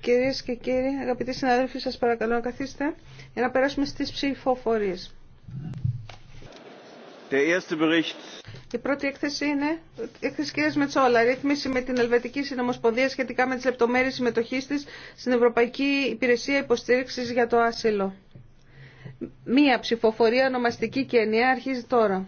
Κυρίε και κύριοι, αγαπητοί συνάδελφοι, σα παρακαλώ να καθίσετε για να περάσουμε στι ψηφοφορίε. Η πρώτη έκθεση είναι έκθεση κυρία Μετσόλα, ρύθμιση με την Ελβετική Συνομοσπονδία σχετικά με τις λεπτομέρειες συμμετοχής της στην Ευρωπαϊκή Υπηρεσία Υποστήριξης για το Άσυλο. Μία ψηφοφορία ονομαστική και ενιαία αρχίζει τώρα.